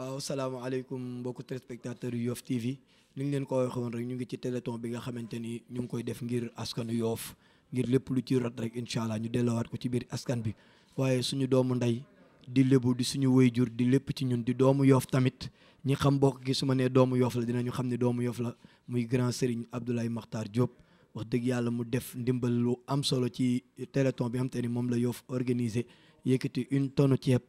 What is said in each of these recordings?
waaw salaamaaleykum mbokki téléspectateur yu yoof TV ni ñu leen ko waxee woon rek ñu ngi ci téléthon bi nga xamante ni ñu ngi koy def ngir askanu Yoff ngir lépp lu ci rot rek incha allah ñu dellowaat ko ci biir askan bi waaye suñu doomu ndey di lébu di suñu wayjur di lépp ci ñun di doomu yoof tamit ñi xam bokk gi su ma nee doomu yoof la dinañu xam ne doomu Yoff la muy grand Serigne Abdoulaye Makhtar Diop. wax dëgg yàlla mu def ndimbal lu am solo ci téléthon bi am te moom la Yoff organisé yëkkati une tonne ceeb.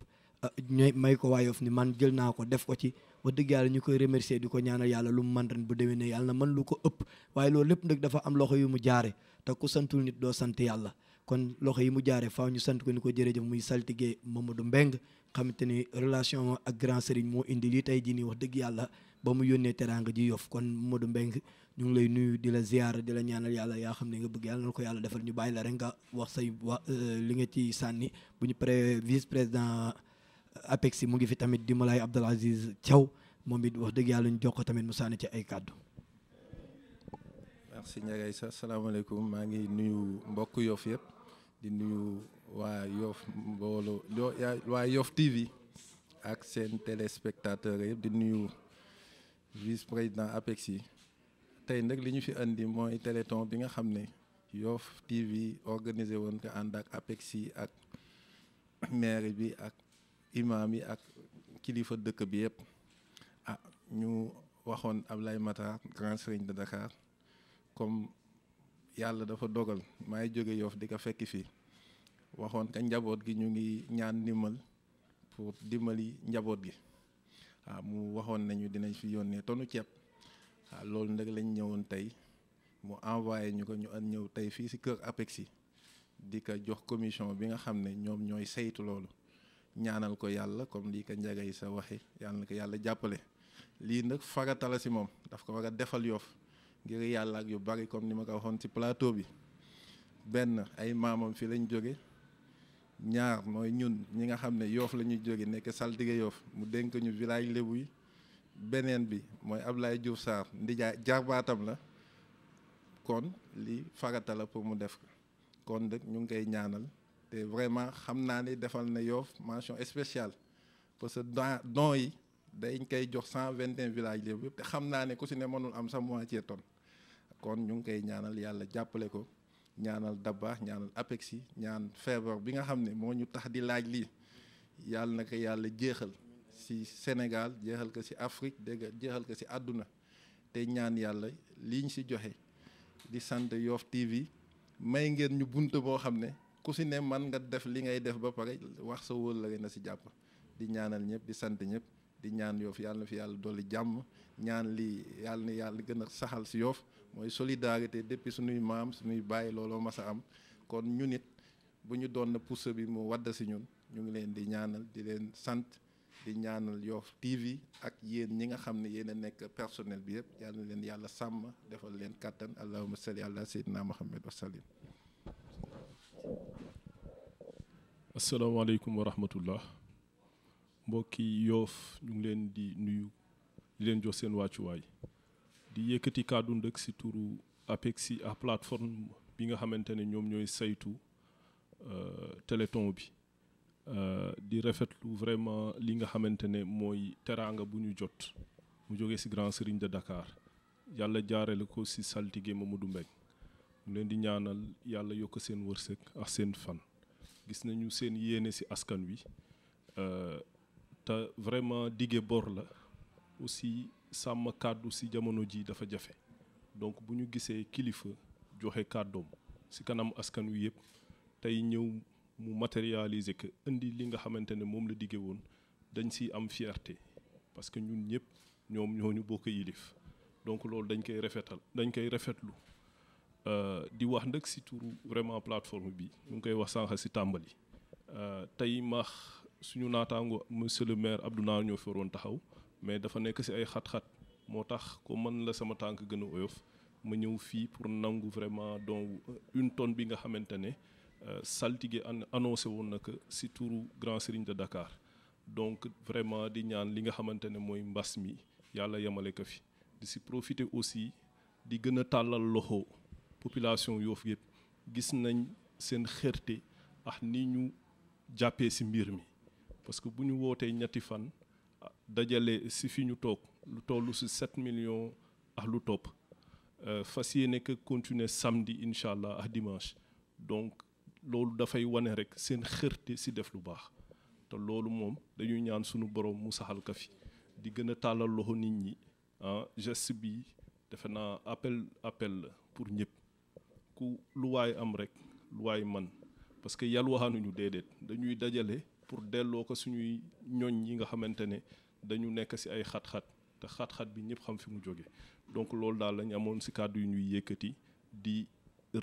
ñooy may ko waay waayof ni man jël naa ko def ko ci wax dëgg yàlla ñu koy remercier di ko ñaanal yàlla lu mu man ren bu déwénee yàlla man lu ko ëpp waaye loolu lépp nag dafa am loxo yu mu jaare te ku santul nit doo sant yàlla kon loxo yi mu jaare faaw ñu sant ko ni ko jërëjëf muy saltige Mamadou Mbeng xamante ni relation ak grand moo indi lii tey jii nii wax dëgg yàlla ba mu yónnee teraanga ji yof kon Mamadou Mbeng ñu ngi lay nuyu di la ziyaara di la ñaanal yàlla yaa xam ne nga bëgg yàlla na ko yàlla defal ñu bàyyi la rek nga wax say wa euh, li nga ci sànni bu ñu pré vice président APEX mu ngi fi tamit di Moulay Abdou Aziz Thiaw momit wax deug yalla ñu jox ko tamit mu ci ay kàddu. merci Ndiaga Issa salaamaaleykum ma ngi nuyu mbokk Yoff yeb di nuyu Yoff TV ak téléspectateur téléspectateurs yeb di nuyu vice président apexi. tay nak liñu fi andi moy téléthon bi nga Yoff TV organisé won ko ànd ak ak maire bi ak imaam yi ak kilifa dëkk bi yëpp ah ñu waxoon Ablaye Matar grand sëriñ de Dakar comme yàlla dafa dogal maay jóge yoof di ka fekki fii waxoon ka njaboot gi ñu ngi ñaan ndimbal pour dimbali njaboot gi waaw ah, mu waxoon nañu dinañ fi yónnee tonu ceeb waaw ah, loolu nag lañ ñëwoon tey mu envoyé ñu ko ñu an ñëw tey fii si kër APEXI di ko jox commission bi nga xam ne ñoom ñooy saytu loolu ñaanal ko yàlla comme lii ko njagay sa waxe yàlla na ko yàlla jàppale lii nag farata si moom daf ko war a defal yoof ngir yàlla ak yu bari comme ni ma ko waxoon ci plateau bi benn ay maamam fi lañu jóge ñaar mooy ñun ñi nga xam ne yoof lañuy jóge nekk saltige yoof mu dénk ñu village lébu yi beneen bi mooy Ablaye Diouf Sarr ndijaay jarbaatam la kon li farata pour mu def ko kon dëkk ñu ngi koy ñaanal c'est vraiment xam naa ne mention spéciale parce que don yi dañ jox cent villages te xam naa ne ku am sa moitié tonne kon ñu ngi koy ñaanal yàlla jàppale ko ñaanal dabba ñaanal ñaan feebar bi nga xam ne tax di laaj lii yàlla Sénégal jeexal ko Afrique dégg jeexal ko si te ñaan yàlla liñ si joxe di sant TV may ngeen ñu bunt boo ku si ne man nga def li ngay def ba pare wax sa wóllëre a si jàpp di ñaanal ñëpp di sant ñëpp di ñaan yoof yàlla fi yàlla dolli jàmm ñaan lii yàlla na yàlla gën a saxal si yoof mooy solidarité depuis suñuy maam suñuy bàyyi looloo mas a am kon ñu nit bu ñu doon na pousse bi mu wadd si ñun ñu ngi leen di ñaanal di leen sant di ñaanal Yoff TV ak yéen ñi nga xam ne yéen nekk personnel bi yëpp yàlla na leen yàlla sàmm defal leen kàttan allahumma salli ala sayyidina muhammad wa sallim asalaamaaleykum wa rahmatullah mbokki yoof ñu ngi leen di nuyu di leen jox seen wàccuwaay di yëkkati kàddu ndëkk si turu si à plateforme bi nga xamante ne ñoom ñooy saytu euh, téléthon bi euh, di rafetlu vraiment li nga xamante ne mooy teraanga bu ñu jot mu jógee si Grand Serigne de dakaar yàlla jaarale ko si saltige Mamadou Mbeng ñu leen di ñaanal yàlla yokk seen wërsëg ak seen fan gis nañu seen yéene ci askan wi euh, te vraiment dige bor la aussi sàmm kàddu ci jamono ji dafa jafe donc bu ñu gisee kilifa joxe kàddoom ci kanam askan wi yépp tey ñëw mu matérialiser que indi li nga xamante ne moom la dige woon dañ ci am fierté parce que ñun ñépp ñoom ñu bokk yilif donc loolu dañ koy rafetal dañ koy rafetlu Euh, di wax nag si turu vraiment plateforme bi ñu ngi koy wax sànq si tàmbali euh, tey maax suñu naataango monsieur le maire Abdou Naar ñoo fi waroon taxaw mais dafa nekk si ay xat-xat moo tax ko mën la sama tànk gën a oyof ma ñëw fii pour nangu vraiment donc une tone bi nga xamante ne euh, saltige an annoncé woon na que si turu Grand Serigne de Dakar donc vraiment di ñaan li nga xamante ne mooy mbas mi yàlla yemale ko fi di si profiter aussi di gën a tàllal loxo. population Yoff yëpp gis nañ seen xërte ak ni ñu jàppee ci mbir mi parce que bu ñu wootee ñetti fan dajale ci fi ñu toog lu tollu ci 7 millions à lu topp euh, fas yéene que continuer samedi incha allah dimanche donc loolu dafay wane rek seen xërte ci def lu baax te loolu moom dañuy ñaan sunu borom mu ka di gën a tàllal nit ñi ah geste bi defe naa appel appel pour ñëpp. ku lu waay am rek lu waay man parce que yalwaanuñu déedéet dañuy dajale pour delloo ko suñuy ñoñ yi nga xamante ne dañu nekk ci ay xat-xat te xat-xat bi ñëpp xam fi mu jóge donc loolu daal lañ amoon si kàddu yu ñuy yëkkati di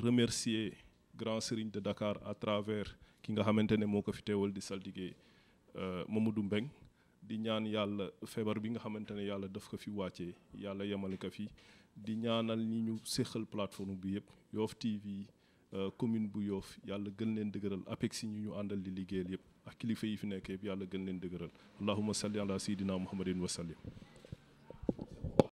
remercier grand serigne de Dakar à travers ki nga xamante ne moo ko fi teewal di saltige euh, Mamadou Mbeng di ñaan yàlla feebar bi nga xamante ne yàlla daf ko fi wàccee yàlla yemale ko fi di ñaanal ñi ñu séqal plateforme bi yëpp Yoff TV euh, commune bu Yoff yàlla gën leen dëgëral APEX yi ñu ñu àndal di liggéeyal yëpp ak kilifa yi fi nekk yëpp yàlla gën leen dëgëral allahumma salli ala sayyidina muhammadin wa sallim